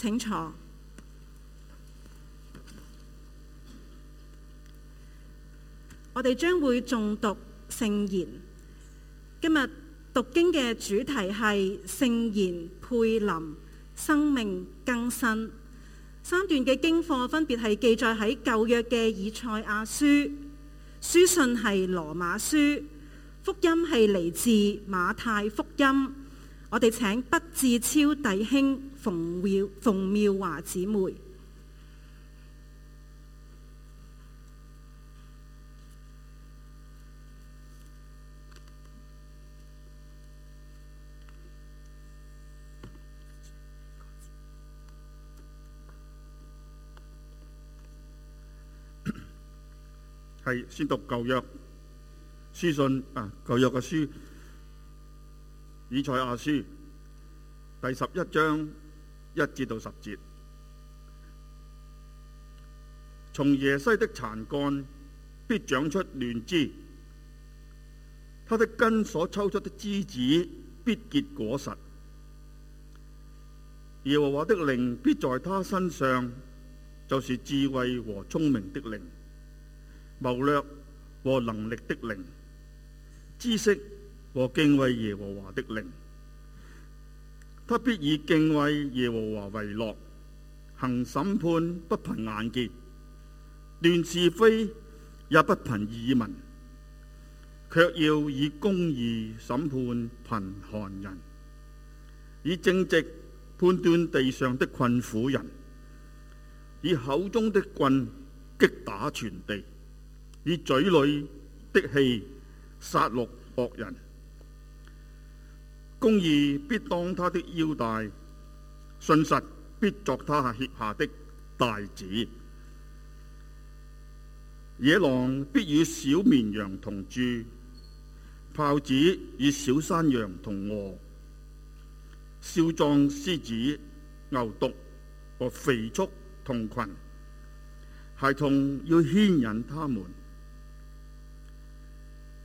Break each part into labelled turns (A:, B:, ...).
A: 請坐。我哋將會誦讀聖言。今日讀經嘅主題係聖言沛臨、生命更新三段嘅經課，分別係記載喺舊約嘅以賽亞書、書信係羅馬書、福音係嚟自馬太福音。我哋請畢志超弟兄。馮妙馮妙華姊妹
B: 係先讀舊約書信啊，舊約嘅書以賽亞書第十一章。一至到十節，從耶西的殘幹必長出嫩枝，他的根所抽出的枝子必結果實。耶和華的靈必在他身上，就是智慧和聰明的靈，謀略和能力的靈，知識和敬畏耶和華的靈。不必以敬畏耶和華為樂，行審判不憑眼見，斷是非也不憑耳聞，卻要以公義審判貧寒寒人，以正直判斷地上的困苦人，以口中的棍擊打全地，以嘴裏的氣殺戮惡人。公義必當他的腰帶，信實必作他脅下的大子。野狼必與小綿羊同住，豹子與小山羊同臥。少壯獅子、牛犢和肥畜同群，孩童要牽引他們。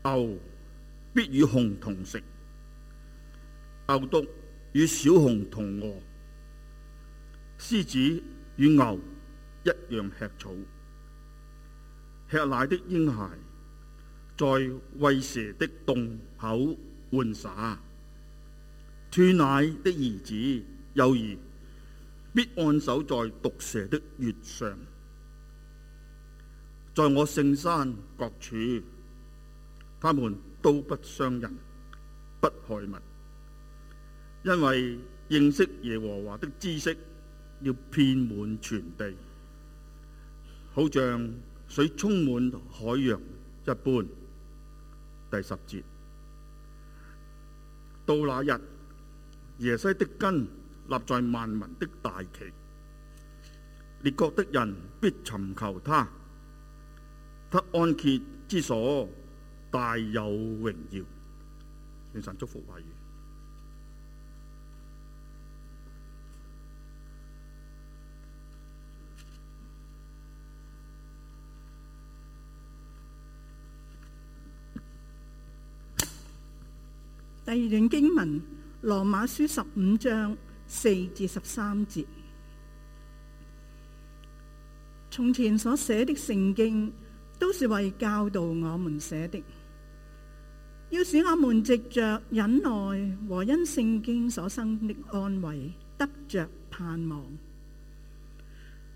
B: 牛必與熊同食。牛犢與小熊同卧，獅子與牛一樣吃草。吃奶的嬰孩在喂蛇的洞口玩耍，斷奶的兒子幼兒必按手在毒蛇的穴上。在我聖山各處，他們都不傷人，不害物。因為認識耶和華的知識要遍滿全地，好像水充滿海洋一般。第十節，到那日，耶西的根立在萬民的大旗，列國的人必尋求他，他安歇之所大有榮耀。願神祝福話。
C: 第二段經文，《羅馬書》十五章四至十三節。從前所寫的聖經，都是為教導我們寫的，要使我們藉着忍耐和因聖經所生的安慰，得着盼望。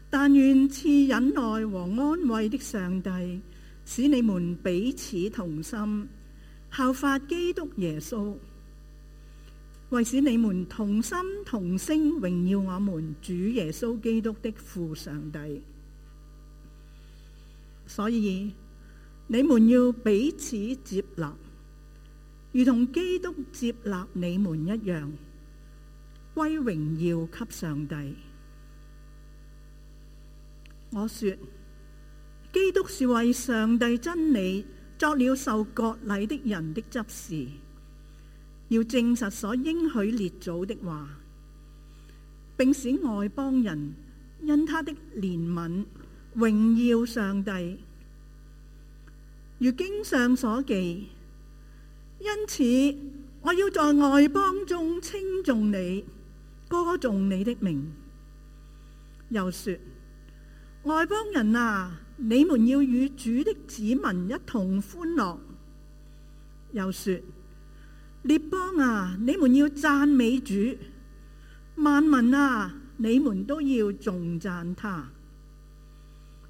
C: 但願賜忍耐和安慰的上帝，使你們彼此同心。效法基督耶穌，為使你們同心同聲榮耀我們主耶穌基督的父上帝。所以你們要彼此接納，如同基督接納你們一樣，歸榮耀給上帝。我說，基督是為上帝真理。作了受割禮的人的執事，要證實所應許列祖的話，並使外邦人因他的憐憫榮耀上帝。如經上所記，因此我要在外邦中稱頌你，歌頌你的名。又說：外邦人啊！你們要與主的子民一同歡樂。又說：列邦啊，你們要讚美主；萬民啊，你們都要頌讚他。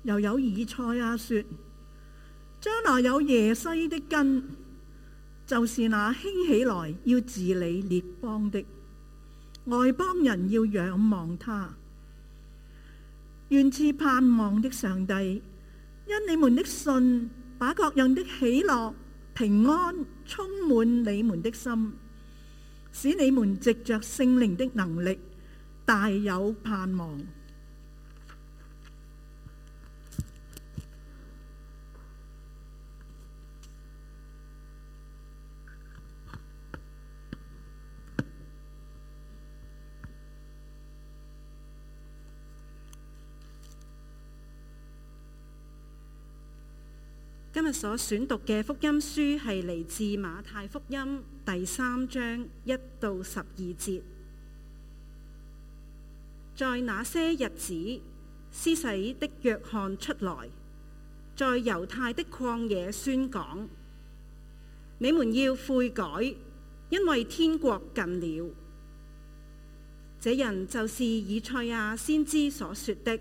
C: 又有以賽亞、啊、說：將來有耶西的根，就是那興起來要治理列邦的，外邦人要仰望他，願賜盼望的上帝。因你們的信，把各樣的喜樂平安充滿你們的心，使你們藉着聖靈的能力，大有盼望。
A: 今日所選讀嘅福音書係嚟自馬太福音第三章一到十二節。在那些日子，施洗的約翰出來，在猶太的曠野宣講：你們要悔改，因為天國近了。這人就是以賽亞先知所說的。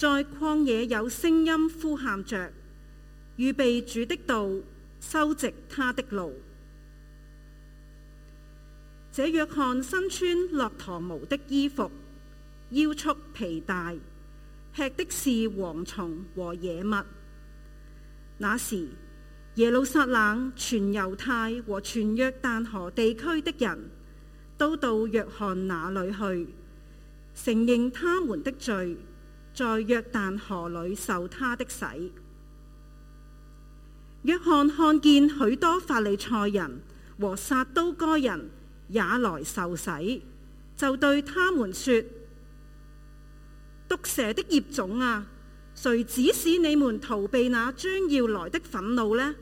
A: 在曠野有聲音呼喊着，預備主的道，修直他的路。這約翰身穿駱駝毛的衣服，腰束皮帶，吃的是蝗蟲和野蜜。那時耶路撒冷全猶太和全約旦河地區的人都到約翰那裏去，承認他們的罪。在約旦河裏受他的洗。約翰看,看見許多法利賽人和撒都該人也來受洗，就對他們說：毒蛇的孽種啊，誰指使你們逃避那將要來的憤怒呢？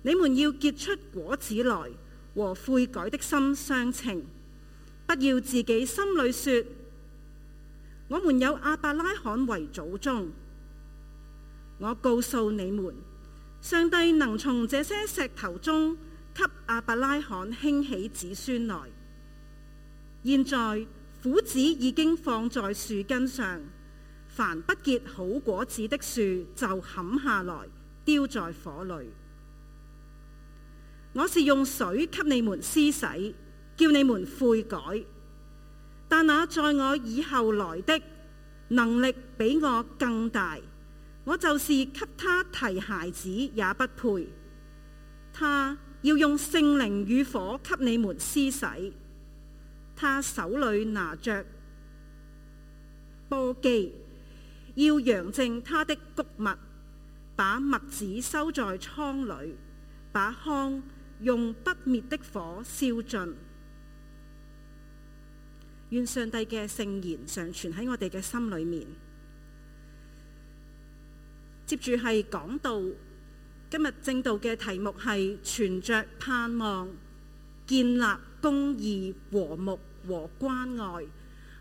A: 你們要結出果子來和悔改的心相稱，不要自己心裏說。我們有阿伯拉罕為祖宗，我告訴你們，上帝能從這些石頭中給阿伯拉罕興起子孫來。現在斧子已經放在樹根上，凡不結好果子的樹就砍下來丟在火裏。我是用水給你們施洗，叫你們悔改。但那在我以後來的能力比我更大，我就是給他提鞋子也不配。他要用聖靈與火給你們施洗，他手裏拿着簸箕，要揚淨他的穀物，把麥子收在倉裏，把糠用不滅的火燒盡。願上帝嘅聖言常存喺我哋嘅心裏面。接住係講道，今日正道嘅題目係存着盼望，建立公義、和睦和關愛。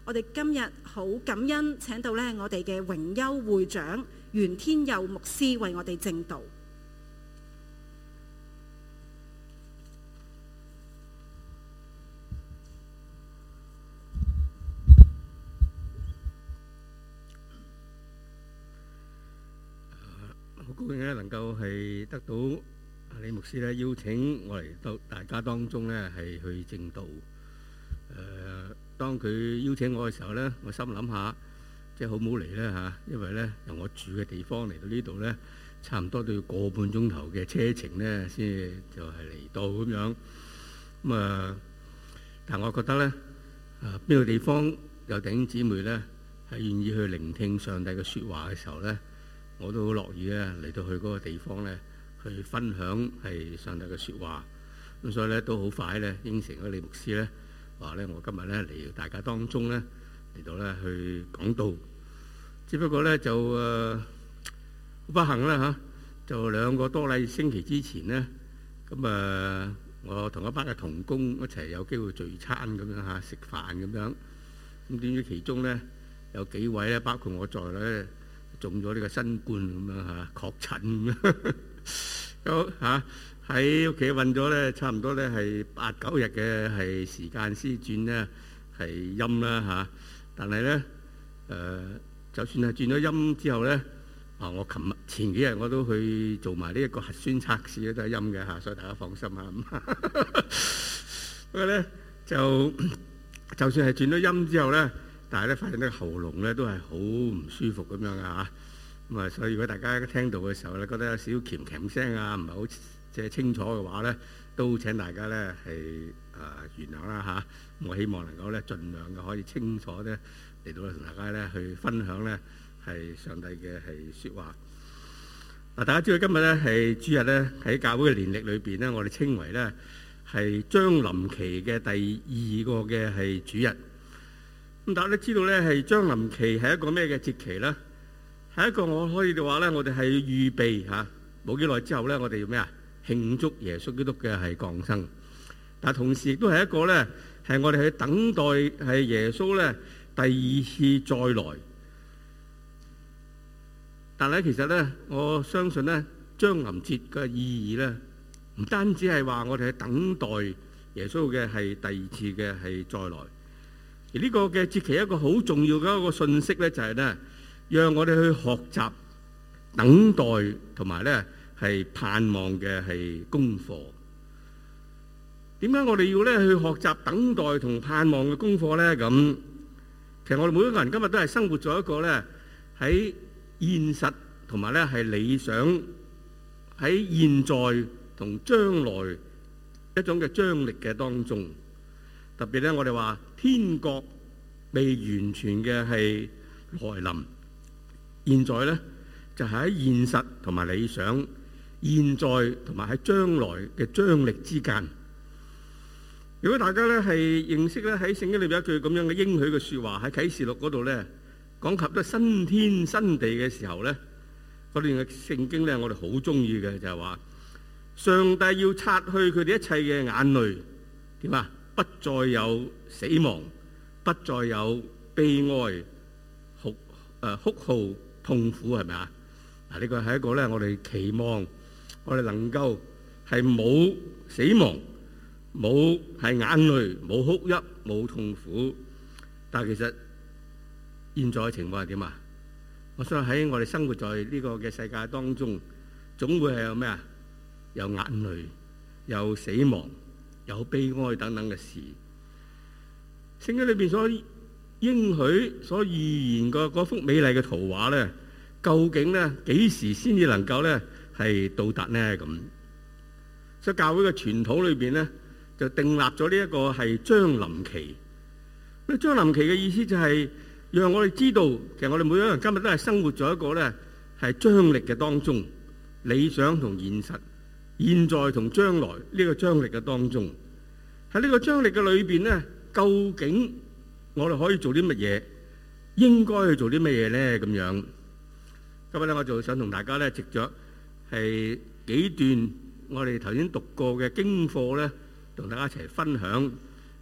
A: 我哋今日好感恩，請到呢我哋嘅榮休會長袁天佑牧師為我哋正道。
D: 歡迎咧，能夠係得到阿李牧師咧邀請我嚟到大家當中咧，係去證道。誒，當佢邀請我嘅時候咧，我心諗下，即係好唔好嚟咧吓？因為咧由我住嘅地方嚟到呢度咧，差唔多都要個半鐘頭嘅車程咧，先就係嚟到咁樣。咁啊，但係我覺得咧，啊邊個地方有弟兄姊妹咧，係願意去聆聽上帝嘅說話嘅時候咧？我都好樂意咧嚟到去嗰個地方咧，去分享係上帝嘅説話。咁所以咧都好快咧應承咗李牧師咧，話咧，我今日咧嚟大家當中咧嚟到咧去講道。只不過咧就誒不幸啦，嚇，就兩個多禮星期之前咧，咁啊我同一班嘅同工一齊有機會聚餐咁樣嚇，食飯咁樣。咁點知其中咧有幾位咧，包括我在內。中咗呢個新冠咁樣嚇，確診咁。好嚇，喺屋企韞咗咧，差唔多咧係八九日嘅係時間先轉咧係陰啦嚇、啊。但係咧誒，就算係轉咗陰之後咧，啊我琴日前幾日我都去做埋呢一個核酸測試咧都係陰嘅嚇、啊，所以大家放心嚇。不過咧就就算係轉咗陰之後咧。但係咧，發現咧喉嚨咧都係好唔舒服咁樣嘅嚇。咁啊，所以如果大家聽到嘅時候咧，覺得有少少唚唚聲啊，唔係好即係清楚嘅話咧，都請大家咧係誒原諒啦嚇。我希望能夠咧，盡量嘅可以清楚咧嚟到咧同大家咧去分享咧係上帝嘅係説話。嗱，大家知道今日咧係主日咧喺教會嘅年歷裏邊咧，我哋稱為咧係將臨期嘅第二個嘅係主日。咁大家都知道咧，係將臨期係一個咩嘅節期咧？係一個我可以嘅話咧，我哋係預備吓冇幾耐之後咧，我哋要咩啊？慶祝耶穌基督嘅係降生。但同時亦都係一個咧，係我哋去等待係耶穌咧第二次再來。但係咧，其實咧，我相信咧，將臨節嘅意義咧，唔單止係話我哋去等待耶穌嘅係第二次嘅係再來。而呢個嘅節期一個好重要嘅一個信息咧，就係咧，讓我哋去學習等待同埋咧係盼望嘅係功課。點解我哋要咧去學習等待同盼望嘅功課咧？咁其實我哋每一個人今日都係生活在一個咧喺現實同埋咧係理想喺現在同將來一種嘅張力嘅當中。特別咧，我哋話。天國未完全嘅係來臨，現在咧就係喺現實同埋理想，現在同埋喺將來嘅張力之間。如果大家咧係認識咧喺聖經裏邊有一句咁樣嘅應許嘅說話，喺啟示錄嗰度咧講及到新天新地嘅時候咧，嗰段嘅聖經咧我哋好中意嘅就係話，上帝要擦去佢哋一切嘅眼淚，點啊？不再有，死亡，不再有悲哀哭，誒、呃、哭號痛苦係咪啊？嗱，呢個係一個咧，我哋期望我哋能夠係冇死亡、冇係眼淚、冇哭泣、冇痛苦。但係其實現在嘅情況係點啊？我相信喺我哋生活在呢個嘅世界當中，總會係有咩啊？有眼淚、有死亡、有悲哀等等嘅事。聖經裏邊所應許、所預言嘅嗰幅美麗嘅圖畫咧，究竟咧幾時先至能夠呢？係到達呢？咁，所以教會嘅傳統裏邊呢，就訂立咗呢一個係將臨期。咁將臨期嘅意思就係讓我哋知道，其實我哋每個人今日都係生活在一個呢，係張力嘅當中，理想同現實、現在同將來呢個張力嘅當中。喺呢個張力嘅裏邊呢。究竟我哋可以做啲乜嘢？應該去做啲乜嘢咧？咁樣，今日咧，我就想同大家咧，藉著係幾段我哋頭先讀過嘅經課咧，同大家一齊分享，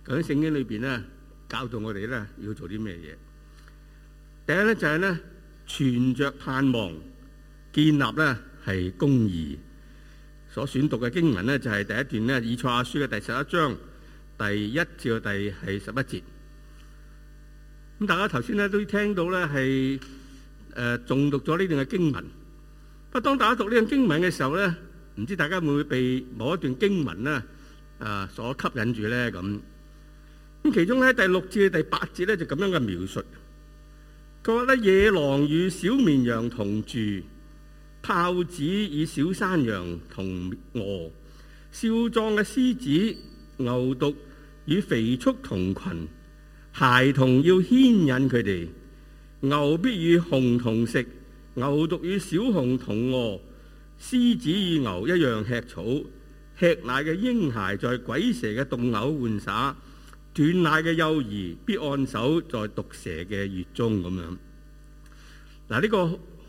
D: 究竟聖經裏邊咧，教導我哋咧，要做啲咩嘢？第一咧就係呢，存、就是、着盼望，建立呢係公義。所選讀嘅經文呢，就係、是、第一段呢，以賽亞書嘅第十一章。第一至到第係十一節，咁大家頭先咧都聽到咧係誒重讀咗呢段嘅經文，不過當大家讀呢段經文嘅時候呢，唔知大家會唔會被某一段經文咧啊、呃、所吸引住呢？咁，咁其中喺第六至第八節呢，就咁樣嘅描述，佢話咧，野狼與小綿羊同住，豹子與小山羊同餓，少壯嘅獅子牛犢與肥畜同群，孩童要牽引佢哋；牛必與熊同食，牛犢與小熊同臥。獅子與牛一樣吃草，吃奶嘅嬰孩在鬼蛇嘅洞口玩耍，斷奶嘅幼兒必按手在毒蛇嘅穴中咁樣。嗱、這個，呢個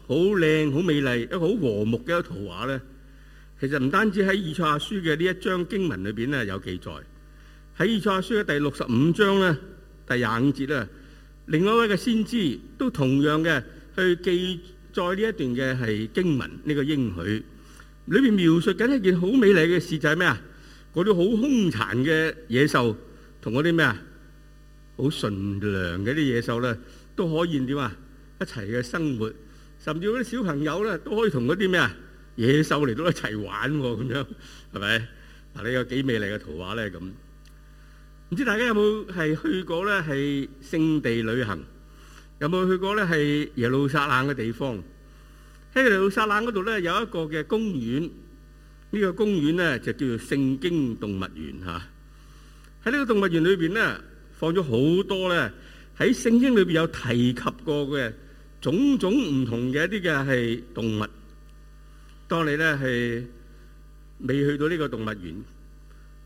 D: 好靚、好美麗、一個好和睦嘅一幅圖畫咧。其實唔單止喺以賽亞書嘅呢一章經文裏邊咧有記載。喺《以賽亞書》嘅第六十五章咧，第二五節咧，另外一位嘅先知都同樣嘅去記載呢一段嘅係經文。呢個應許裏面描述緊一件好美麗嘅事就係咩啊？嗰啲好凶殘嘅野獸同嗰啲咩啊好純良嘅啲野獸咧都可以點啊，一齊嘅生活，甚至嗰啲小朋友咧都可以同嗰啲咩啊野獸嚟到一齊玩喎，咁樣係咪嗱？呢個幾美麗嘅圖畫咧咁。唔知大家有冇係去過呢？係聖地旅行，有冇去過呢？係耶路撒冷嘅地方，喺耶路撒冷嗰度呢，有一個嘅公園。呢個公園呢就叫做聖經動物園吓。喺呢個動物園裏邊呢，放咗好多呢。喺聖經裏邊有提及過嘅種種唔同嘅一啲嘅係動物。當你呢係未去到呢個動物園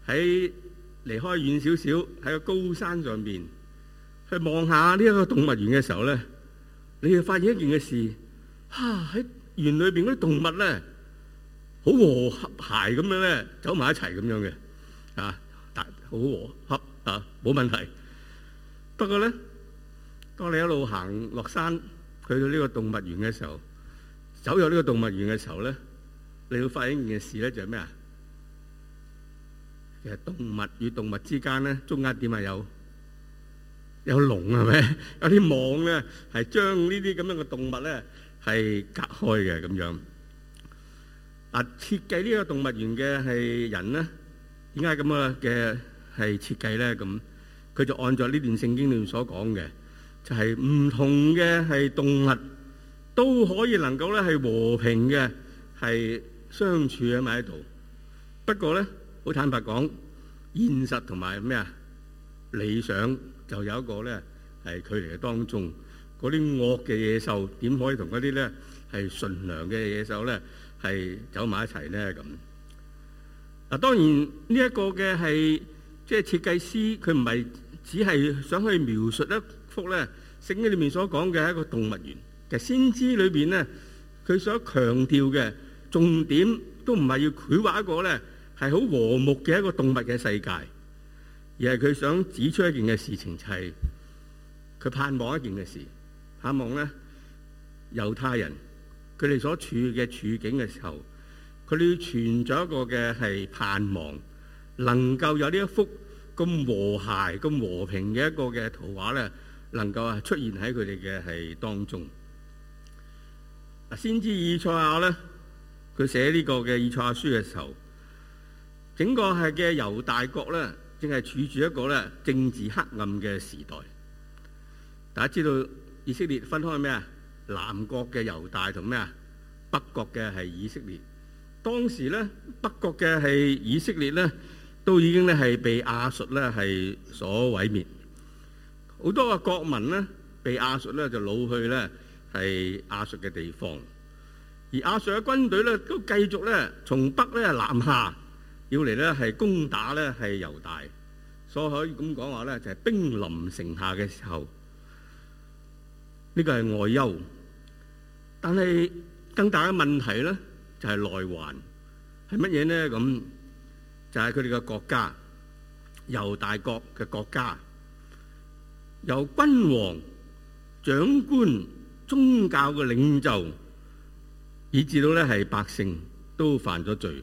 D: 喺。離開遠少少喺個高山上面去望下呢一個動物園嘅時候咧，你會發現一件嘅事，啊喺園裏邊嗰啲動物咧好和諧咁樣咧，走埋一齊咁樣嘅，啊，好和諧啊，冇問題。不過咧，當你一路行落山去到呢個動物園嘅時候，走入呢個動物園嘅時候咧，你會發現一件事咧，就係咩啊？其實動物與動物之間呢，中間點啊，有有籠係咪？有啲網呢係將呢啲咁樣嘅動物呢係隔開嘅咁樣。嗱、啊，設計呢個動物園嘅係人呢？點解咁啊嘅係設計咧？咁佢就按照呢段聖經裏面所講嘅，就係、是、唔同嘅係動物都可以能夠咧係和平嘅係相處喺埋喺度，不過呢。好坦白講，現實同埋咩啊理想就有一個呢，係距離嘅當中。嗰啲惡嘅野獸點可以同嗰啲呢係純良嘅野獸呢係走埋一齊呢？咁嗱，當然呢一個嘅係即係設計師，佢唔係只係想去描述一幅呢聖經裏面所講嘅一個動物園。其實先知裏面呢，佢所強調嘅重點都唔係要繪畫一個呢。係好和睦嘅一個動物嘅世界，而係佢想指出一件嘅事情，就係佢盼望一件嘅事，盼望咧猶太人佢哋所處嘅處境嘅時候，佢哋存在一個嘅係盼望，能夠有呢一幅咁和諧、咁和平嘅一個嘅圖畫咧，能夠啊出現喺佢哋嘅係當中。嗱，先知以賽亞咧，佢寫呢個嘅以賽亞書嘅時候。整個係嘅猶大國呢，正係處住一個呢政治黑暗嘅時代。大家知道以色列分開咩啊？南國嘅猶大同咩啊？北國嘅係以色列。當時呢，北國嘅係以色列呢，都已經呢係被亞述呢係所毀滅。好多嘅國民呢，被亞述呢就擄去呢，係亞述嘅地方。而亞述嘅軍隊呢都繼續呢從北呢南下。要嚟呢係攻打呢係猶大，所以可以咁講話呢，就係兵臨城下嘅時候，呢個係外憂。但係更大嘅問題呢，就係內患係乜嘢呢？咁就係佢哋嘅國家猶大國嘅國家，由君王、長官、宗教嘅領袖，以至到呢係百姓都犯咗罪。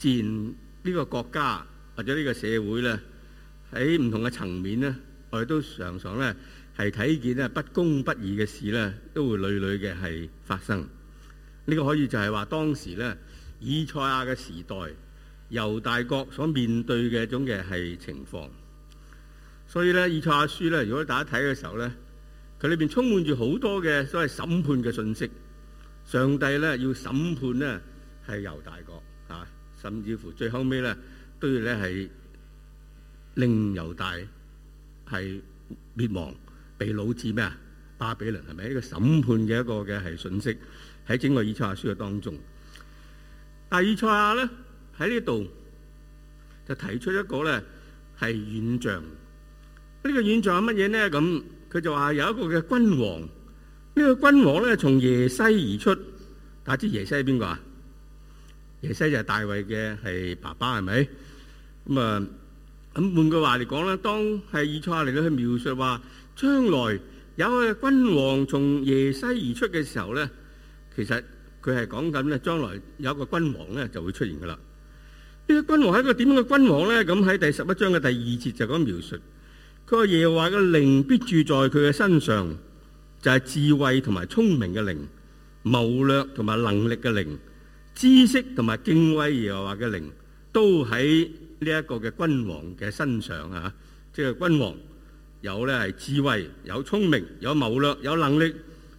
D: 自然呢個國家或者呢個社會咧，喺唔同嘅層面咧，我哋都常常咧係睇見咧不公不義嘅事咧，都會屢屢嘅係發生。呢個可以就係話當時咧以賽亞嘅時代，猶大國所面對嘅一種嘅係情況。所以咧，以賽亞書咧，如果大家睇嘅時候咧，佢裏邊充滿住好多嘅所謂審判嘅信息。上帝咧要審判咧係猶大國。甚至乎最後尾呢，都要咧係令猶大係滅亡，被老子咩啊，巴比倫。係咪一個審判嘅一個嘅係訊息喺整個以賽亞書嘅當中？但係以賽亞咧喺呢度就提出一個呢係遠象。呢個遠象係乜嘢呢？咁佢就話有一個嘅君王，呢個君王咧從耶西而出。大家知耶西係邊個啊？耶西就係大衛嘅係爸爸係咪？咁啊，咁、嗯、換句話嚟講咧，當係以賽亞嚟咧去描述話，將來有個君王從耶西而出嘅時候咧，其實佢係講緊咧將來有一個君王咧就會出現噶啦。呢、這個君王係一個點樣嘅君王咧？咁喺第十一章嘅第二節就講描述，佢話耶華嘅靈必住在佢嘅身上，就係、是、智慧同埋聰明嘅靈，謀略同埋能力嘅靈。知識同埋敬畏，耶和華嘅靈都喺呢一個嘅君王嘅身上啊！即係君王有咧係智慧，有聰明，有謀略，有能力，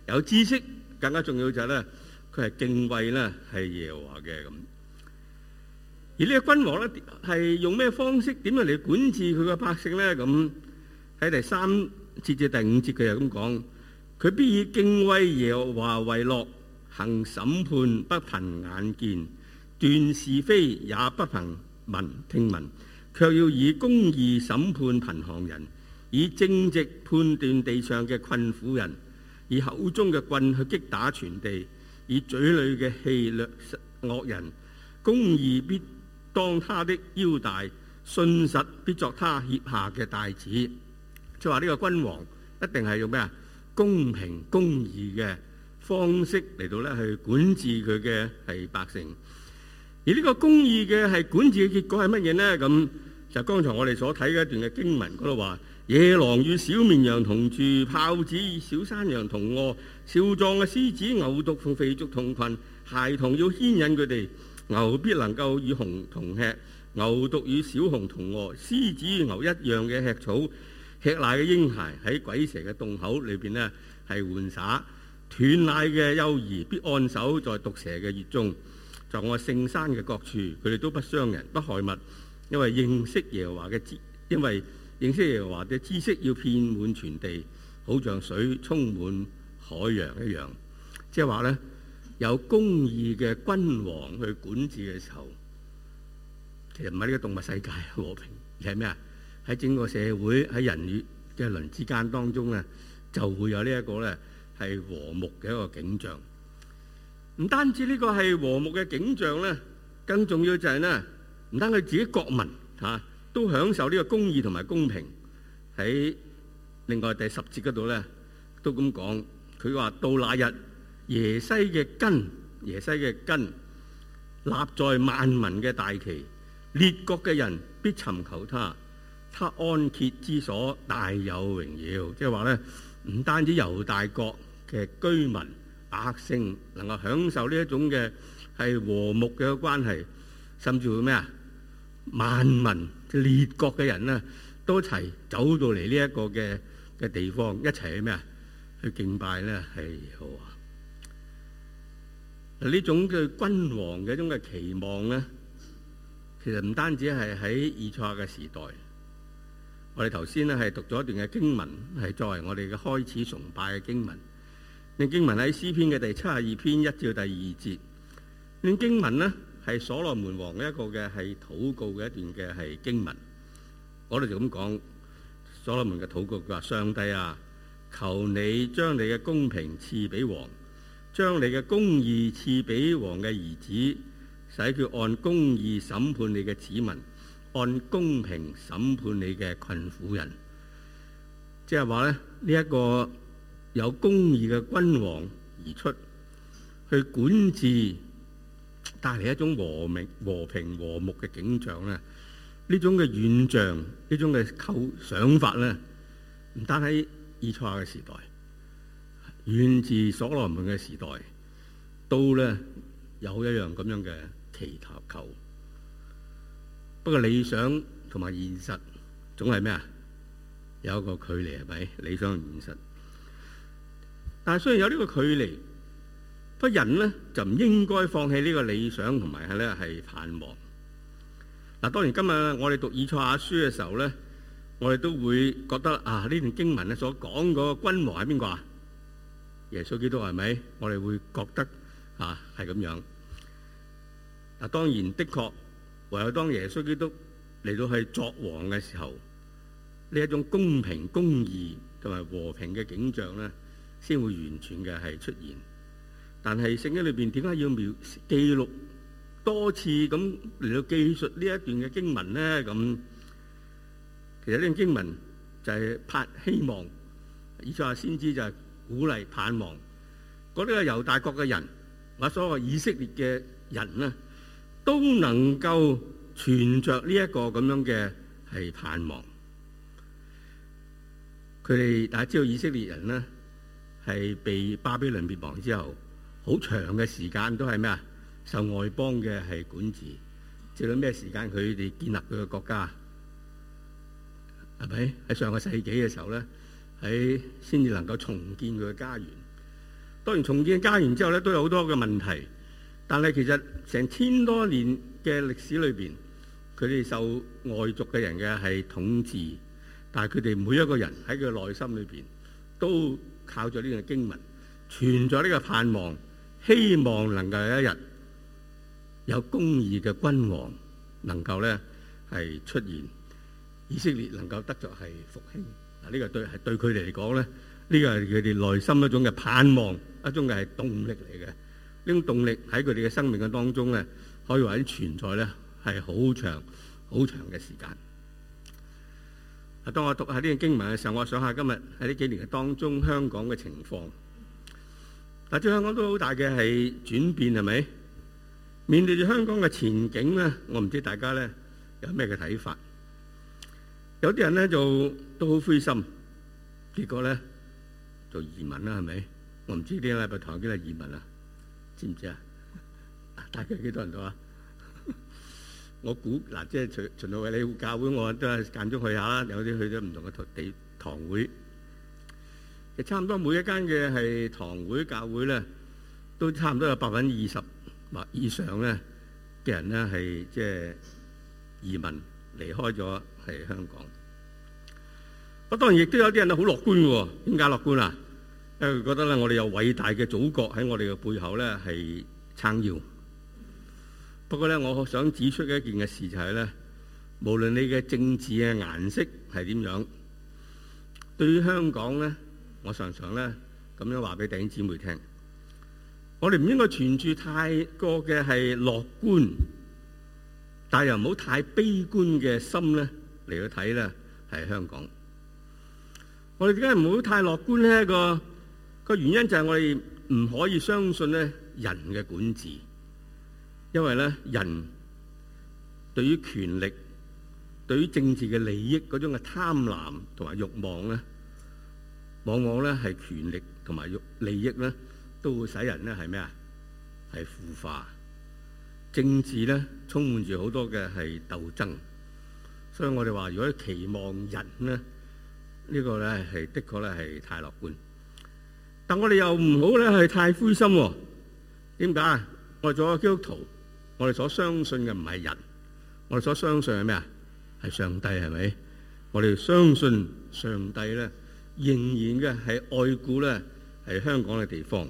D: 有知識。更加重要就係咧，佢係敬畏咧，係耶和華嘅咁。而呢個君王咧，係用咩方式點樣嚟管治佢嘅百姓咧？咁喺第三節至第五節就，佢又咁講：佢必以敬畏耶和華為樂。行審判不憑眼見，斷是非也不憑聞聽聞，卻要以公義審判貧窮人，以正直判斷地上嘅困苦人，以口中嘅棍去擊打全地，以嘴裏嘅氣略惡人。公義必當他的腰帶，信實必作他脅下嘅帶子。即係話呢個君王一定係用咩啊？公平公義嘅。方式嚟到呢，去管治佢嘅係百姓。而呢個公義嘅係管治嘅結果係乜嘢呢？咁就剛才我哋所睇嘅一段嘅經文嗰度話，野 狼與小綿羊同住，豹子與小山羊同餓，少壯嘅獅子牛犢同肥足同群，孩童要牽引佢哋。牛必能夠與熊同吃，牛犢與小熊同餓，獅子與牛一樣嘅吃草，吃奶嘅嬰孩喺鬼蛇嘅洞口裏邊呢，係玩耍。斷奶嘅幼兒必按手在毒蛇嘅穴中，在我聖山嘅各處，佢哋都不傷人不害物，因為認識耶和華嘅知，因為認識耶和華嘅知識要遍滿全地，好像水充滿海洋一樣。即係話咧，有公義嘅君王去管治嘅時候，其實唔係呢個動物世界和平，而係咩啊？喺整個社會喺人與人之間當中啊，就會有呢一個咧。係和睦嘅一個景象。唔單止呢個係和睦嘅景象咧，更重要就係咧，唔單佢自己國民吓都享受呢個公義同埋公平。喺另外第十節嗰度咧都咁講，佢話到那日耶西嘅根，耶西嘅根立在萬民嘅大旗，列國嘅人必尋求他，他安歇之所大有榮耀。即係話咧，唔單止猶大國。嘅居民百姓能夠享受呢一種嘅係和睦嘅關係，甚至乎咩啊？萬民列國嘅人咧，都一齊走到嚟呢一個嘅嘅地方，一齊去咩啊？去敬拜咧，係好啊！嗱，呢種對君王嘅一種嘅期望咧，其實唔單止係喺以賽亞嘅時代。我哋頭先咧係讀咗一段嘅經文，係作為我哋嘅開始崇拜嘅經文。經文喺詩篇嘅第七十二篇一至第二節，經文呢係所羅門王嘅一個嘅係禱告嘅一段嘅係經文，我哋就咁講，所羅門嘅禱告佢話：上帝啊，求你將你嘅公平賜俾王，將你嘅公義賜俾王嘅兒子，使佢按公義審判你嘅子民，按公平審判你嘅困苦人。即係話咧呢一個。有公義嘅君王而出，去管治，帶嚟一種和明和平和睦嘅景象咧。呢種嘅願象，呢種嘅構想法咧，唔單喺以賽亞嘅時代，遠自所羅門嘅時代，都咧有一樣咁樣嘅祈求。不過理想同埋現實總係咩啊？有一個距離係咪？理想同現實，但係，雖然有呢個距離，但人呢就唔應該放棄呢個理想同埋係咧係盼望嗱。當然，今日我哋讀以賽亞書嘅時候咧，我哋都會覺得啊，呢段經文咧所講嗰個君王係邊個啊？耶穌基督係咪？我哋會覺得啊，係咁樣嗱。當然，的確唯有當耶穌基督嚟到去作王嘅時候，呢一種公平公義同埋和平嘅景象咧。先會完全嘅係出現。但係聖經裏邊點解要描記錄多次咁嚟到記述呢一段嘅經文呢？咁其實呢段經文就係盼希望，以賽亞先知就係鼓勵盼望，講呢個猶大國嘅人，或所謂以色列嘅人呢都能夠存着呢一個咁樣嘅係盼望。佢哋大家知道以色列人呢，係被巴比倫滅亡之後，好長嘅時間都係咩啊？受外邦嘅係管治。至到咩時間佢哋建立佢嘅國家？係咪喺上個世紀嘅時候咧？喺先至能夠重建佢嘅家園。當然重建家園之後咧，都有好多嘅問題。但係其實成千多年嘅歷史裏邊，佢哋受外族嘅人嘅係統治，但係佢哋每一個人喺佢嘅內心裏邊都。靠住呢段經文，存在呢個盼望，希望能夠有一日有公義嘅君王能夠咧係出現，以色列能夠得着係復興。嗱，呢個對係對佢哋嚟講咧，呢個係佢哋內心一種嘅盼望，一種嘅係動力嚟嘅。呢種動力喺佢哋嘅生命嘅當中咧，可以話喺存在咧係好長、好長嘅時間。啊！當我讀下呢個經文嘅時候，我想下今日喺呢幾年嘅當中，香港嘅情況。嗱，對香港都好大嘅係轉變，係咪？面對住香港嘅前景咧，我唔知大家咧有咩嘅睇法。有啲人咧就都好灰心，結果咧就移民啦，係咪？我唔知呢一禮拜台幾多移民啊？知唔知啊？大概幾多人到啊？我估嗱、啊，即係巡巡到你教會，我都係間中去下啦。有啲去咗唔同嘅堂地堂會，其實差唔多每一間嘅係堂會教會咧，都差唔多有百分之二十或以上咧嘅人呢係即係移民離開咗係香港。我當然亦都有啲人都好樂觀喎，點解樂觀啊？因為覺得咧，我哋有偉大嘅祖國喺我哋嘅背後咧係撐腰。不過咧，我想指出嘅一件嘅事就係咧，無論你嘅政治嘅顏色係點樣，對於香港咧，我常常咧咁樣話俾弟兄姊妹聽，我哋唔應該存住太過嘅係樂觀，但又唔好太悲觀嘅心咧嚟到睇咧，係香港。我哋點解唔好太樂觀咧？一個個原因就係我哋唔可以相信咧人嘅管治。因為咧，人對於權力、對於政治嘅利益嗰種嘅貪婪同埋慾望咧，往往咧係權力同埋慾利益咧，都會使人咧係咩啊？係腐化。政治咧充滿住好多嘅係鬥爭，所以我哋話如果期望人咧，呢個咧係的確咧係太樂觀，但我哋又唔好咧係太灰心喎。點解？我哋做一個基督徒。我哋所相信嘅唔係人，我哋所相信係咩啊？係上帝，係咪？我哋相信上帝咧，仍然嘅係愛顧咧，係香港嘅地方。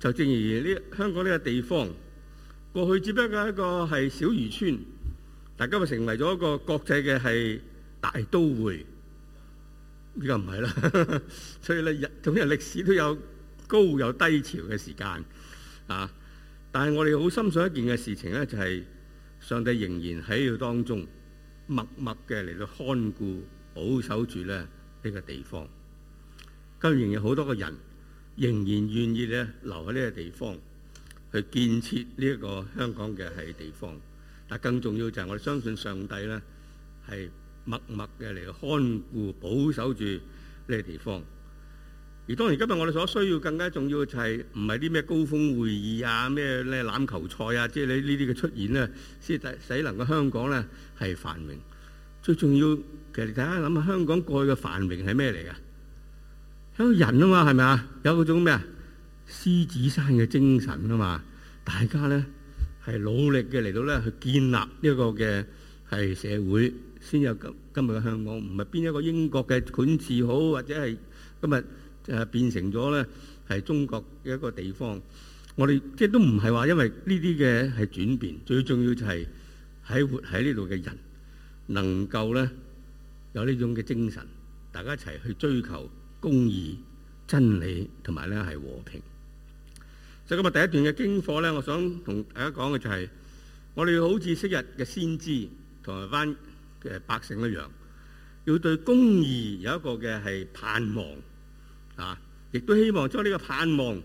D: 就正如呢香港呢個地方，過去只不過一個係小漁村，但今日成為咗一個國際嘅係大都會，呢個唔係啦。 所以咧，總係歷史都有高有低潮嘅時間啊。但係我哋好深信一件嘅事情咧，就係上帝仍然喺佢當中默默嘅嚟到看顧、保守住咧呢個地方。今日有好多個人仍然願意咧留喺呢個地方去建設呢一個香港嘅係地方。但更重要就係我哋相信上帝咧係默默嘅嚟到看顧、保守住呢個地方。而當然，今日我哋所需要更加重要嘅就係唔係啲咩高峰會議啊、咩咧籃球賽啊，即係呢呢啲嘅出現咧，先使使能夠香港呢係繁榮。最重要其實大家諗下，香港過去嘅繁榮係咩嚟嘅？香港人啊嘛，係咪啊？有嗰種咩啊？獅子山嘅精神啊嘛，大家呢係努力嘅嚟到呢去建立呢一個嘅係社會，先有今今日嘅香港。唔係邊一個英國嘅管治好，或者係今日。就係變成咗咧，係中國一個地方。我哋即係都唔係話，因為呢啲嘅係轉變，最重要就係喺活喺呢度嘅人能夠咧有呢種嘅精神，大家一齊去追求公義、真理同埋咧係和平。所以今日第一段嘅經課咧，我想同大家講嘅就係，我哋好似昔日嘅先知同埋翻誒百姓一樣，要對公義有一個嘅係盼望。啊！亦都希望將呢個盼望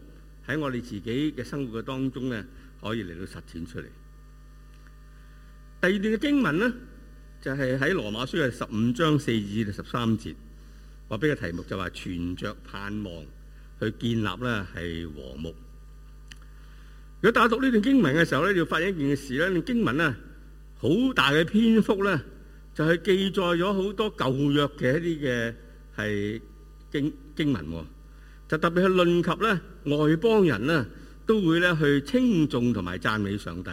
D: 喺我哋自己嘅生活嘅當中呢，可以嚟到實踐出嚟。第二段嘅經文呢，就係喺羅馬書嘅十五章四至十三節，話俾個題目就話存著盼望去建立咧，係和睦。如果打讀呢段經文嘅時候咧，要發現一件事咧，呢段經文咧好大嘅篇幅呢，就係、是、記載咗好多舊約嘅一啲嘅係經。經文、哦、就特別係論及呢，外邦人呢都會呢去稱頌同埋讚美上帝。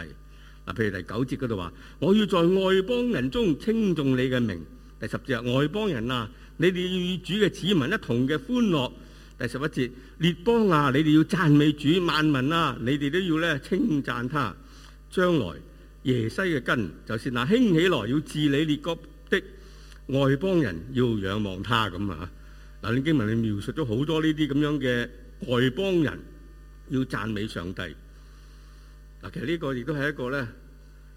D: 嗱，譬如第九節嗰度話：我要在外邦人中稱頌你嘅名。第十節：外邦人啊，你哋要與主嘅子民一同嘅歡樂。第十一節：列邦啊，你哋要讚美主，萬民啊，你哋都要呢稱讚他。將來耶西嘅根就算嗱，興起來要治理列國的外邦人要仰望他咁啊。嗱，你經文你描述咗好多呢啲咁樣嘅外邦人要讚美上帝。嗱，其實呢個亦都係一個咧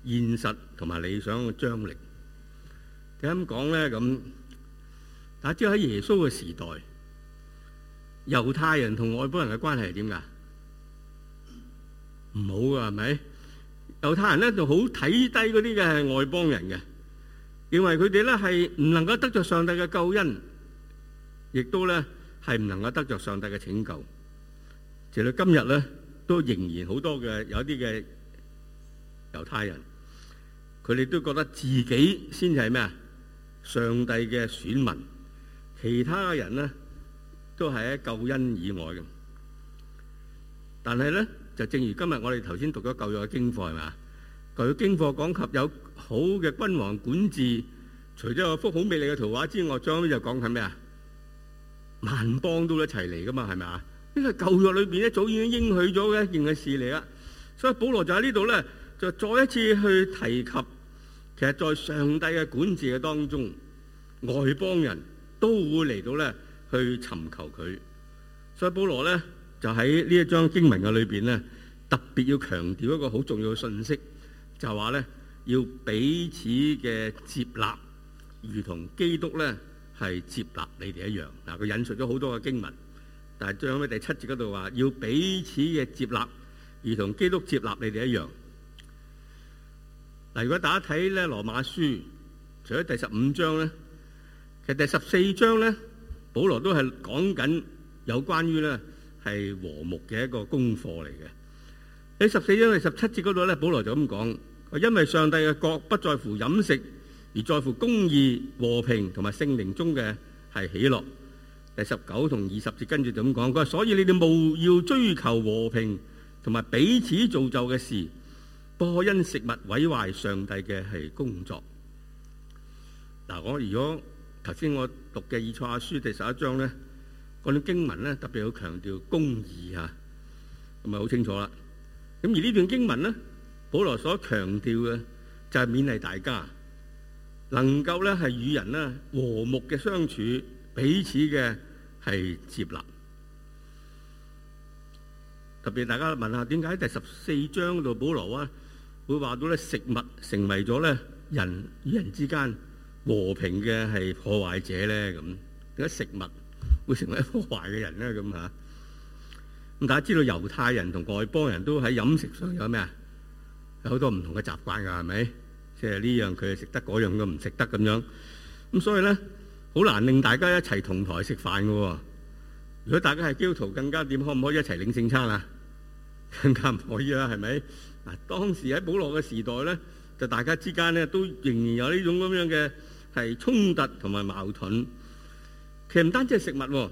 D: 現實同埋理想嘅張力。點解咁講咧？咁大家知喺耶穌嘅時代，猶太人同外邦人嘅關係係點㗎？唔好㗎，係咪？猶太人咧就好睇低嗰啲嘅外邦人嘅，認為佢哋咧係唔能夠得着上帝嘅救恩。亦都咧係唔能夠得著上帝嘅拯救，直到今日咧都仍然好多嘅有啲嘅猶太人，佢哋都覺得自己先至係咩啊？上帝嘅選民，其他人咧都係喺救恩以外嘅。但係咧就正如今日我哋頭先讀咗舊約經課係嘛？舊約經課講及有好嘅君王管治，除咗一幅好美麗嘅圖畫之外，最後尾就講緊咩啊？萬邦都一齊嚟噶嘛，係咪啊？呢個舊約裏邊咧，早已經應許咗嘅一件嘅事嚟啦。所以保羅就喺呢度咧，就再一次去提及，其實在上帝嘅管治嘅當中，外邦人都會嚟到咧去尋求佢。所以保羅咧就喺呢一章經文嘅裏邊咧，特別要強調一個好重要嘅信息，就係話咧要彼此嘅接納，如同基督咧。係接納你哋一樣，嗱佢引述咗好多嘅經文，但係最後尾第七節嗰度話要彼此嘅接納，如同基督接納你哋一樣。嗱如果大家睇咧羅馬書，除咗第十五章咧，其實第十四章咧保羅都係講緊有關於咧係和睦嘅一個功課嚟嘅。喺十四章第十七節嗰度咧，保羅就咁講：因為上帝嘅國不在乎飲食。而在乎公義、和平同埋聖靈中嘅係喜樂。第十九同二十節跟住就咁講，佢話：所以你哋務要追求和平同埋彼此造就嘅事，不可因食物毀壞上帝嘅係工作。嗱、啊，我如果頭先我讀嘅《以賽亞書》第十一章呢，嗰段經文呢特別要強調公義吓，咁啊好清楚啦。咁而呢段經文呢，保羅、啊、所強調嘅就係勉勵大家，能夠呢係與人呢和睦嘅相處，彼此嘅係接納。特別大家問下點解喺第十四章度保羅啊，會話到呢食物成為咗呢人與人之間和平嘅係破壞者呢。咁，點解食物會成為一個壞嘅人呢？咁啊，咁大家知道猶太人同外邦人都喺飲食上有咩啊，有好多唔同嘅習慣㗎係咪？即係呢、這個、樣佢食得，嗰樣佢唔食得咁樣。咁所以咧，好難令大家一齊同台食飯嘅喎、哦。如果大家係基督徒更，更加點？可唔可以一齊領聖餐啊？更加唔可以啦、啊，係咪？嗱，當時喺保羅嘅時代咧，就大家之間呢，都仍然有呢種咁樣嘅係衝突同埋矛盾。其實唔單止係食物、哦，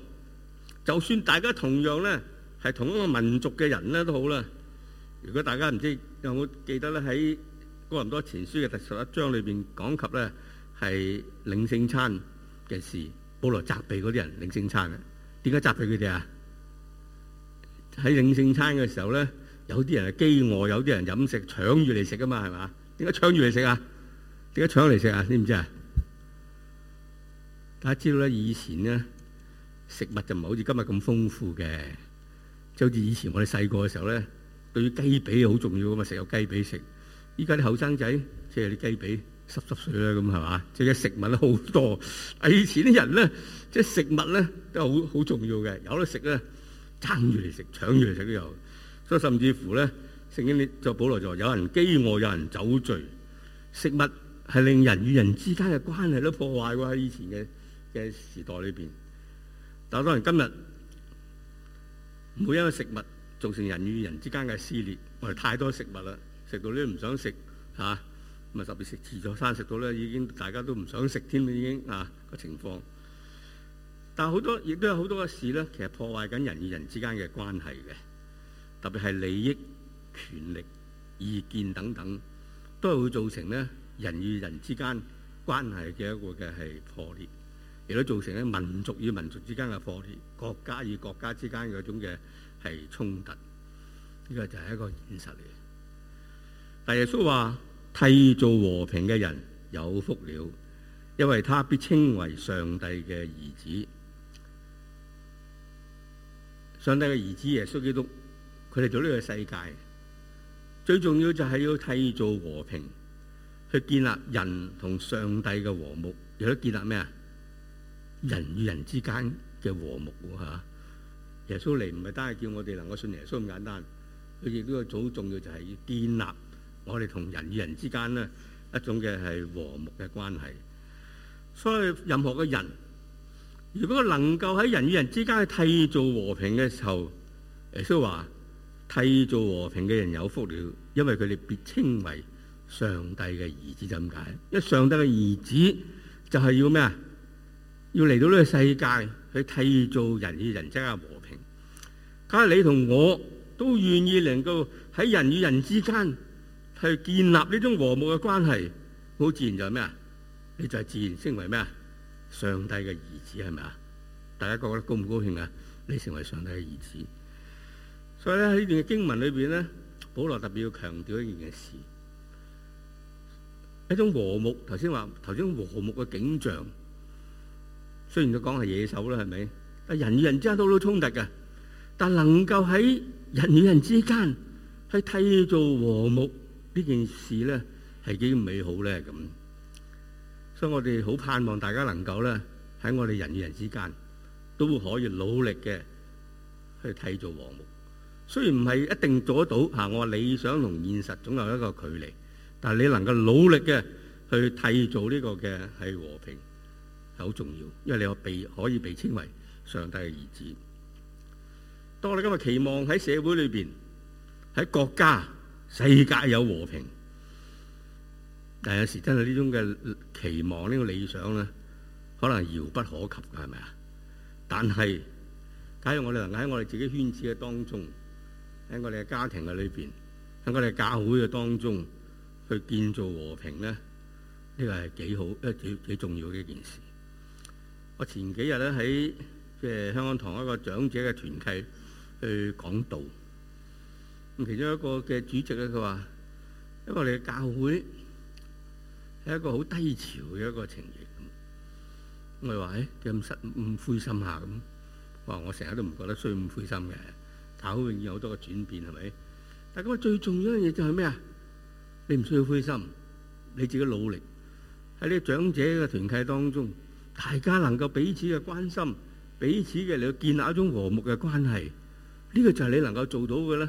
D: 就算大家同樣咧係同一個民族嘅人咧都好啦。如果大家唔知，有冇記得咧喺，《哥林多前書》嘅第十一章裏邊講及咧係領聖餐嘅事，保羅責備嗰啲人領聖餐嘅。點解責備佢哋啊？喺領聖餐嘅時候咧，有啲人係飢餓，有啲人飲食搶住嚟食噶嘛，係嘛？點解搶住嚟食啊？點解搶嚟食啊？知唔知啊？大家知道咧，以前咧食物就唔係好似今日咁豐富嘅，就好似以前我哋細個嘅時候咧，對於雞髀好重要噶嘛，食有雞髀食。依家啲後生仔，即係啲雞髀，濕濕碎啦，咁係嘛？即係食物都好多。以前啲人咧，即係食物咧都好好重要嘅，有得食咧爭住嚟食，搶住嚟食都有。所以甚至乎咧，聖經裏保羅就話有人飢餓，有人酒醉。食物係令人與人之間嘅關係都破壞㗎，喺以前嘅嘅時代裏邊。但係當然今日唔會因為食物造成人與人之間嘅撕裂，我哋太多食物啦。食到你唔想食吓，咁啊，係特別食自助餐食到咧，已經大家都唔想食添啦，已經啊、這個情況。但係好多亦都有好多嘅事咧，其實破壞緊人與人之間嘅關係嘅，特別係利益、權力、意見等等，都係會造成咧，人與人之間關係嘅一個嘅係破裂，亦都造成咧，民族與民族之間嘅破裂、國家與國家之間嗰種嘅係衝突。呢、這個就係一個現實嚟。但耶穌話，締造和平嘅人有福了，因為他必稱為上帝嘅兒子。上帝嘅兒子耶穌基督，佢哋做呢個世界，最重要就係要締造和平，去建立人同上帝嘅和睦，又去建立咩啊？人與人之間嘅和睦吓。耶穌嚟唔係單係叫我哋能夠信耶穌咁簡單，佢亦都有好重要就係要建立。我哋同人與人之間呢一種嘅係和睦嘅關係，所以任何嘅人，如果能夠喺人與人之間去締造和平嘅時候，耶穌話締造和平嘅人有福了，因為佢哋必稱為上帝嘅兒子，就咁、是、解。因為上帝嘅兒子就係要咩啊？要嚟到呢個世界去締造人與人之間嘅和平。假係你同我都願意能夠喺人與人之間。去建立呢種和睦嘅關係，好自然就係咩啊？你就係自然成為咩啊？上帝嘅兒子係咪啊？大家覺得高唔高興啊？你成為上帝嘅兒子，所以咧喺呢段經文裏邊咧，保羅特別要強調一件嘅事：一種和睦。頭先話頭先和睦嘅景象，雖然佢講係野獸啦，係咪？但係人與人之間都好衝突嘅，但能夠喺人與人之間去締造和睦。呢件事呢係幾美好呢。咁，所以我哋好盼望大家能夠呢喺我哋人與人之間都可以努力嘅去締造和睦。雖然唔係一定做得到，吓，我理想同現實總有一個距離，但係你能夠努力嘅去締造呢個嘅係和平係好重要，因為你可以被可以被稱為上帝嘅兒子。當你今日期望喺社會裏邊，喺國家、世界有和平，但有時真係呢種嘅期望、呢個理想咧，可能遙不可及嘅，係咪啊？但係，假如我哋能夠喺我哋自己圈子嘅當中，喺我哋嘅家庭嘅裏邊，喺我哋教會嘅當中，去建造和平咧，呢個係幾好，一係幾幾重要嘅一件事。我前幾日咧喺即係香港堂一個長者嘅團契去講道。其中一個嘅主席咧，啊，佢話：因為我哋嘅教會係一個好低潮嘅一個情形。我哋話：誒、哎，咁實唔灰心下咁？哇！我成日都唔覺得需要唔灰心嘅。但好容易有好多嘅轉變，係咪？但係咁啊，最重要嘅嘢就係咩啊？你唔需要灰心，你自己努力喺呢個長者嘅團契當中，大家能夠彼此嘅關心，彼此嘅嚟建立一種和睦嘅關係，呢、這個就係你能夠做到嘅咧。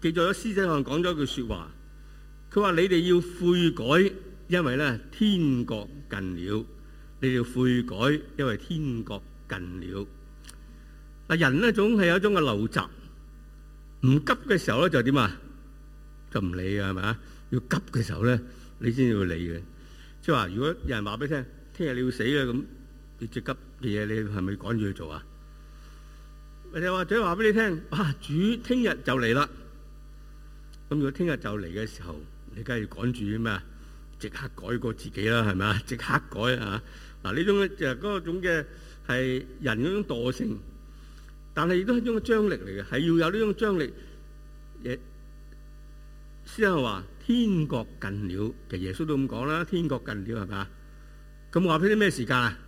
D: 記住咗施洗約翰講咗一句説話，佢話：你哋要悔改，因為咧天國近了，你哋要悔改，因為天國近了。嗱，人呢，總係有一種嘅陋習，唔急嘅時候咧就點啊？就唔理啊，係咪啊？要急嘅時候咧，你先要理嘅。即係話，如果有人話俾你聽，聽日你要死啦咁，你最急嘅嘢，你係咪趕住去做啊？又或者話俾你聽，哇，主聽日就嚟啦！咁如果聽日就嚟嘅時候，你梗係要趕住咩？啊，即刻改過自己啦，係咪啊？即刻改啊！嗱，呢種就嗰種嘅係人嗰種惰性，但係亦都係一種張力嚟嘅，係要有呢種張力，亦先係話天國近了。其實耶穌都咁講啦，天國近了係咪？咁話俾你咩時間啊？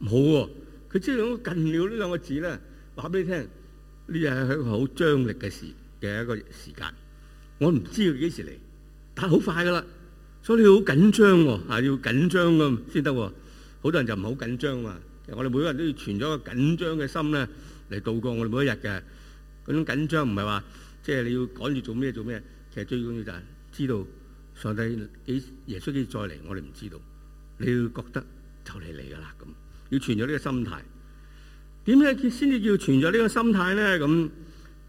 D: 冇喎，佢即係用「近了」呢兩個字咧。話俾你聽，呢又係一個好張力嘅時嘅一個時間。我唔知佢幾時嚟，但係好快噶啦，所以你要好緊張，哦，要緊張，啊要緊張噶先得。好多人就唔好緊張嘛，其實我哋每個人都要存咗個緊張嘅心咧嚟度過我哋每一日嘅。嗰種緊張唔係話即係你要趕住做咩做咩，其實最重要就係知道上帝幾時耶穌幾時再嚟，我哋唔知道，你要覺得就嚟嚟噶啦咁，要存咗呢個心態。點樣先至叫存咗呢個心態咧？咁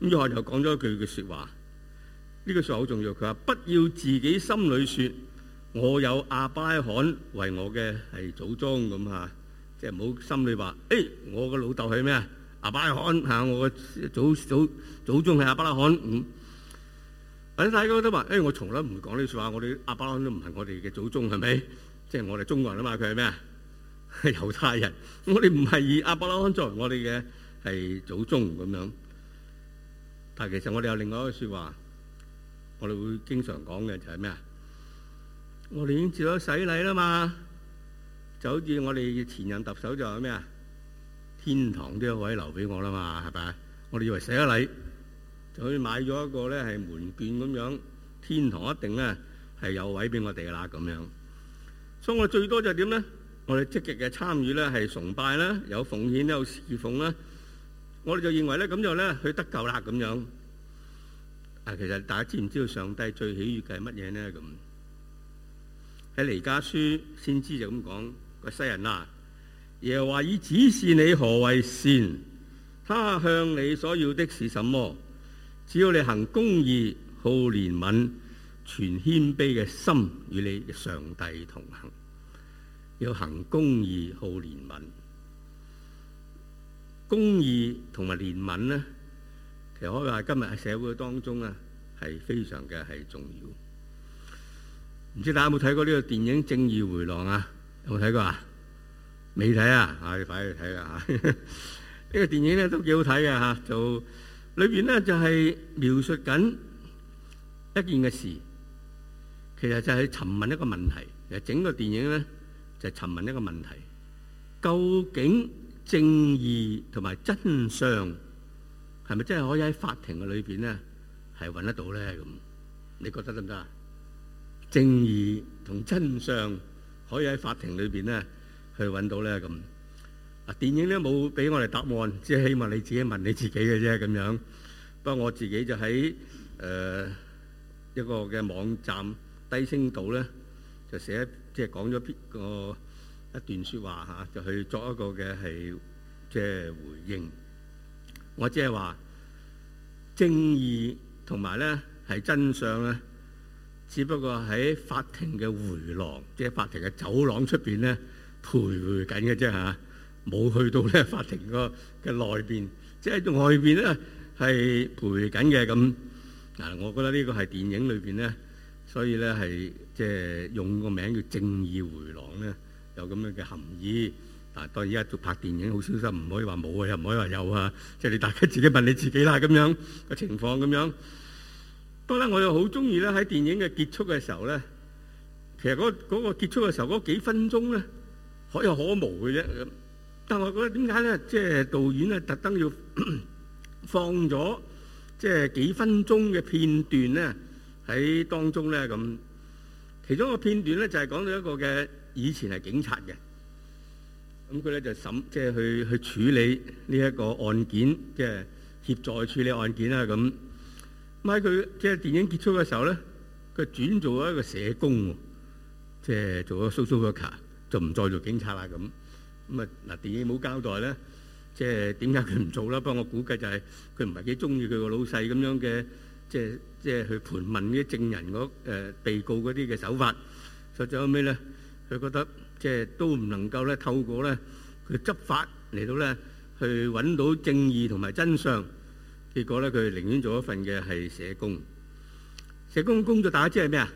D: 咁，我又講咗一句嘅說話。呢句説話好重要，佢話不要自己心裏説我有亞伯拉罕為我嘅係祖宗咁嚇，即係唔好心裏話誒我個老豆係咩啊？亞伯拉罕嚇、啊、我嘅祖祖祖宗係亞伯拉罕，唔、嗯、大家睇都嘛？誒、哎、我從來唔講呢句説話，我哋亞伯拉罕都唔係我哋嘅祖宗係咪？即係我哋中國人啊嘛，佢係咩啊？猶 太人，我哋唔係以亞伯拉罕作為我哋嘅係祖宗咁樣。但係其實我哋有另外一句説話。我哋會經常講嘅就係咩啊？我哋已經接咗洗禮啦嘛，就好似我哋前任特首就係咩啊？天堂都有位留俾我啦嘛，係咪啊？我哋以為洗咗禮，就去買咗一個咧係門券咁樣，天堂一定咧係有位俾我哋噶啦咁樣。所以我最多就係點咧？我哋積極嘅參與咧係崇拜啦，有奉獻都有侍奉啦，我哋就認為咧咁就咧去得救啦咁樣。啊！其實大家知唔知道上帝最喜悅嘅係乜嘢呢？咁喺《彌迦書》先知就咁講個世人啊，耶和華已指示你何為善，他向你所要的是什麼？只要你行公義、好憐憫、全謙卑嘅心，與你上帝同行。要行公義、好憐憫，公義同埋憐憫呢。」其實可以話今日喺社會當中啊，係非常嘅係重要。唔知大家有冇睇過呢個電影《正義回廊》啊？有冇睇過啊？未睇啊？嚇，你快去睇啦嚇！呢個電影咧都幾好睇嘅嚇，就裏邊咧就係描述緊一件嘅事。其實就係詢問一個問題，其實整個電影咧就係詢問一個問題：究竟正義同埋真相？係咪真係可以喺法庭嘅裏邊咧，係揾得到咧咁？你覺得得唔得啊？正義同真相可以喺法庭裏邊咧去揾到咧咁？啊，電影咧冇俾我哋答案，只係希望你自己問你自己嘅啫咁樣。不過我自己就喺誒一個嘅網站低聲度咧，就寫即係講咗個一段説話嚇，就去作一個嘅係即係回應。我即係話，正義同埋咧係真相咧，只不過喺法庭嘅回廊，即係法庭嘅走廊出邊咧，徘徊緊嘅啫嚇，冇、啊、去到咧法庭個嘅內邊，即係外邊咧係徘徊緊嘅咁。嗱，我覺得呢個係電影裏邊咧，所以咧係即係用個名叫正義回廊咧，有咁樣嘅含義。嗱，當然依家做拍電影好小心，唔可以話冇啊，又唔可以話有啊，即係你大家自己問你自己啦，咁樣嘅情況咁樣。當然我又好中意咧，喺電影嘅結束嘅時候咧，其實嗰嗰個結束嘅時候嗰幾分鐘咧，可有可無嘅啫咁。但係我覺得點解咧，即係導演咧特登要放咗即係幾分鐘嘅片段咧喺當中咧咁。其中一個片段咧就係講到一個嘅以前係警察嘅。咁佢咧就審即係去去處理呢一個案件，即係協助處理案件啦。咁咪佢即係電影結束嘅時候咧，佢轉做一個社工，即係做咗 s o c i o r social worker 就唔再做警察啦。咁咁啊嗱，電影冇交代咧，即係點解佢唔做啦？不過我估計就係佢唔係幾中意佢個老細咁樣嘅，即係即係去盤問啲證人嗰、呃、被告嗰啲嘅手法。所以最後尾咧，佢覺得。即係都唔能夠咧，透過咧佢執法嚟到咧去揾到正義同埋真相。結果咧，佢寧願做一份嘅係社工。社工工作大家知係咩啊？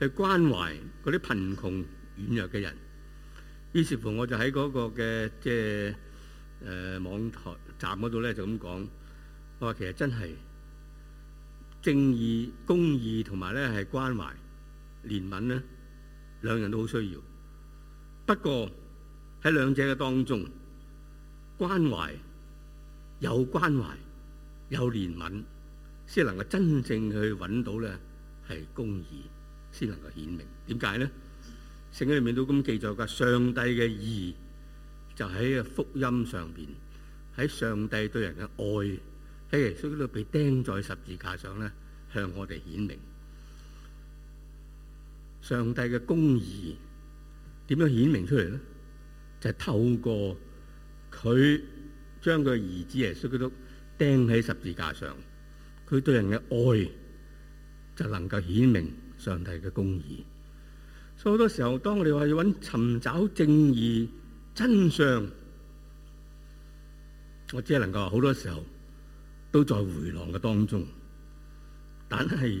D: 係關懷嗰啲貧窮軟弱嘅人。於是乎、呃，我就喺嗰個嘅即係誒網台站嗰度咧，就咁講。我話其實真係正義、公義同埋咧係關懷、憐憫呢。」兩人都好需要，不過喺兩者嘅當中，關懷有關懷，有憐憫，先能夠真正去揾到咧係公義，先能夠顯明。點解呢？聖經裏面都咁記載噶，上帝嘅義就喺福音上邊，喺上帝對人嘅愛喺耶穌基督被釘在十字架上咧，向我哋顯明。上帝嘅公義點樣顯明出嚟呢？就係透過佢將佢兒子耶穌基督釘喺十字架上，佢對人嘅愛就能夠顯明上帝嘅公義。所以好多時候，當我哋話要揾尋找正義真相，我只係能夠好多時候都在回廊嘅當中，但係。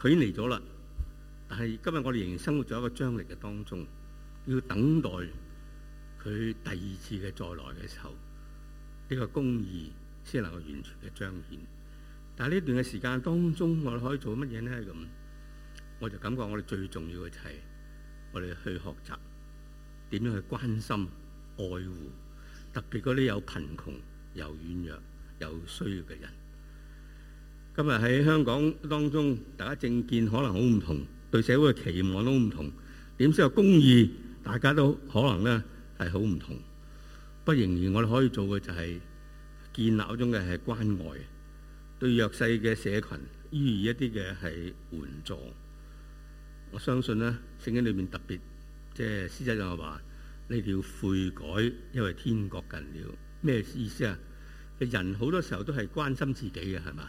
D: 佢嚟咗啦，但係今日我哋仍然生活在一個張力嘅當中，要等待佢第二次嘅再來嘅時候，呢、這個公義先能夠完全嘅彰顯，但係呢段嘅時間當中，我哋可以做乜嘢呢？咁我就感覺我哋最重要嘅就係我哋去學習點樣去關心、愛護，特別嗰啲有貧窮又軟弱、有需要嘅人。今日喺香港當中，大家政見可能好唔同，對社會嘅期望都唔同，點知個公義大家都可能呢係好唔同。不，仍然我哋可以做嘅就係、是、建立一種嘅係關愛，對弱勢嘅社群，予以一啲嘅係援助。我相信呢，聖經裏面特別即係施洗約翰就話：你哋要悔改，因為天國近了，咩意思啊？人好多時候都係關心自己嘅，係嘛？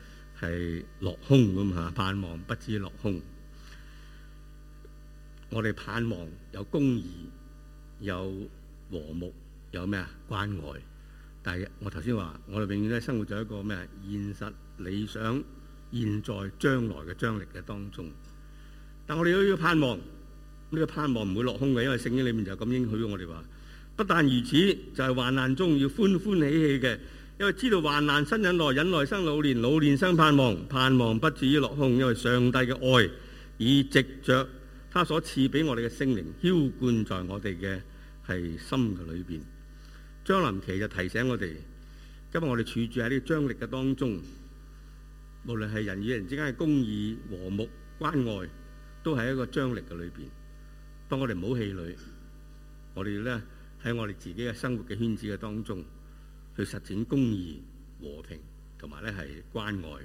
D: 係落空咁吓，盼望不致落空。我哋盼望有公義、有和睦、有咩啊關愛。但係我頭先話，我哋永遠都生活在一個咩啊現實、理想、現在、將來嘅張力嘅當中。但我哋都要盼望，呢、這個盼望唔會落空嘅，因為聖經裏面就咁應許我哋話，不但如此，就係、是、患難中要歡歡喜喜嘅。因為知道患難生忍耐，忍耐生老年，老年生盼望，盼望不至於落空。因為上帝嘅愛已藉着他所賜俾我哋嘅聖靈澆灌在我哋嘅係心嘅裏邊。張林琪就提醒我哋，今日我哋處住喺呢個張力嘅當中，無論係人與人之間嘅公義、和睦、關愛，都係一個張力嘅裏邊。當我哋唔好氣餒，我哋咧喺我哋自己嘅生活嘅圈子嘅當中去實踐公義、和平同埋咧係關愛，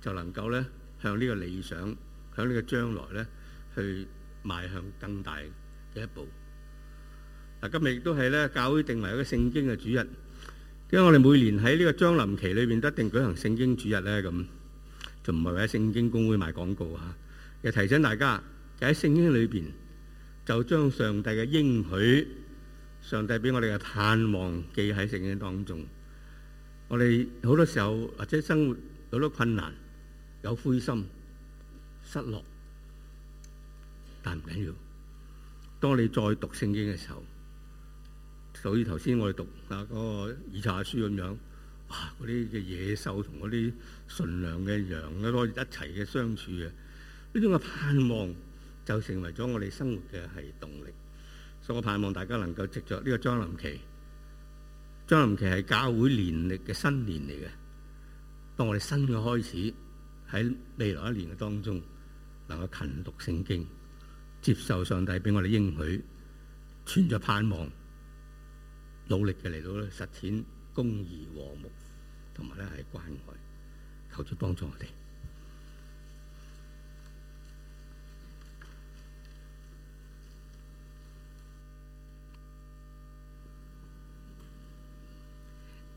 D: 就能夠咧向呢個理想、向呢個將來咧去邁向更大嘅一步。嗱，今日亦都係咧教會定為一個聖經嘅主日，因為我哋每年喺呢個將臨期裏邊都一定舉行聖經主日咧，咁就唔係為聖經公會賣廣告嚇，又提醒大家，就喺聖經裏邊就將上帝嘅應許。上帝俾我哋嘅盼望記喺聖經當中，我哋好多時候或者生活好多困難，有灰心、失落，但唔緊要。當你再讀聖經嘅時候，所以頭先我哋讀啊嗰個以賽亞書咁樣，哇！嗰啲嘅野獸同嗰啲純良嘅羊咧，都可以一齊嘅相處嘅，呢種嘅盼望就成為咗我哋生活嘅係動力。我盼望大家能夠藉着呢個將臨期。將臨期係教會年曆嘅新年嚟嘅，當我哋新嘅開始喺未來一年嘅當中，能夠勤讀聖經，接受上帝俾我哋應許存著盼望，努力嘅嚟到實踐公義、和睦，同埋咧係關愛，求主幫助我哋。